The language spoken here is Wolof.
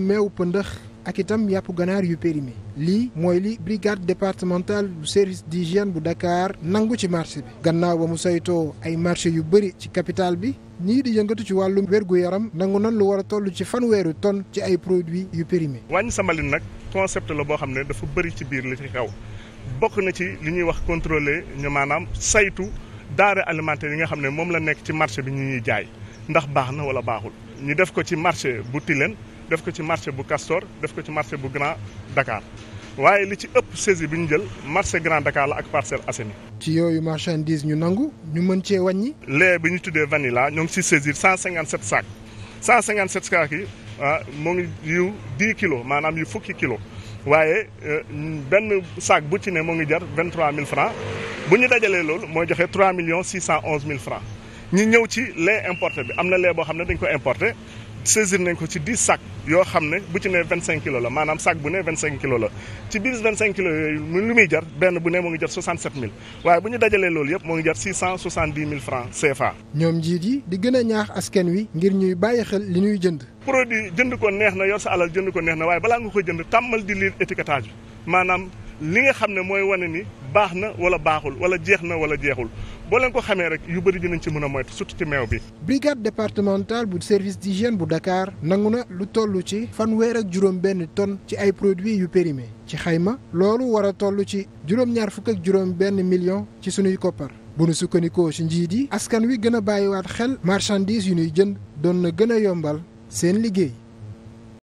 meew pëndëx ak itam yàpp ganaar yu périmé lii mooy li brigade départementale bu service d'hygiène bu dakaar nangu ci marché bi gannaaw ba mu saytoo ay marché yu bëri ci capitale bi ñii di yëngatu ci wàllu wérgu yaram nangu nan lu war a toll ci fanweeri ton ci ay produits yu périmé. wàññi sa mbalit nag concept la boo xam ne dafa bëri ci biir li ci xew bokk na ci li ñuy wax contrôler ñu maanaam saytu denrée alimentaire yi nga xam ne moom la nekk ci marché bi ñu ñuy jaay ndax baax na wala baaxul ñu def ko ci marché bu Tilène def ko ci marché bu Castor def ko ci marché bu Grand Dakar waaye li ci ëpp saisie bi ñu jël marché Grand Dakar la ak Parcelles Assainies. ci yooyu marchandise ñu nangu ñu mën cee wàññi. lait bi ñu tuddee vanilla ñoo ngi si saisir 157 sacs 157 sacs yi ah moo ngi yu 10 kilos maanaam yu fukki kilo waaye eh, benn saak bu ci ne moo ngi jar mille francs bu ñu dajalee loolu mooy joxe million millions 611 mille francs ñi ñëw ci lee importé bi am na lait boo xam ne dañ ko importé. saisir nañ ko ci dix sacs yoo xam ne bu ci ne vingt cinq kilos la maanaam sac bu ne vingt cinq kilos la ci biir vingt cinq kilos yooyu lu muy jar benn bu ne moo ngi jar soixante sept mille waaye bu ñu dajalee loolu yëpp moo ngi jar six cent soixante dix mille francs CFA. ñoom njiit yi di gën a ñaax askan wi ngir ñuy bàyyi xel li ñuy jënd. produit jënd ko neex na yor sa alal jënd ko neex na waaye balaa nga ko jënd tàmmal di lire étiquetage bi maanaam. li nga xam ne mooy wane ni baax na wala baaxul wala jeex na wala jeexul boo leen ko xamee rek yu bëri dinañ ci mën a moytu surtout ci meew bi. brigade départementale bu service d'hygiène bu dakaar nangu na lu tollu ci fanweer ak juróom-benn ton ci ay produits yu périmé ci xayma loolu war a toll ci juróom fukk ak juróom million ci sunuy koppar. bu nu sukkandikoo ci njiit yi askan wi gën a bàyyiwaat xel marchandises yu ñuy jënd doon na gën a yombal seen liggéey.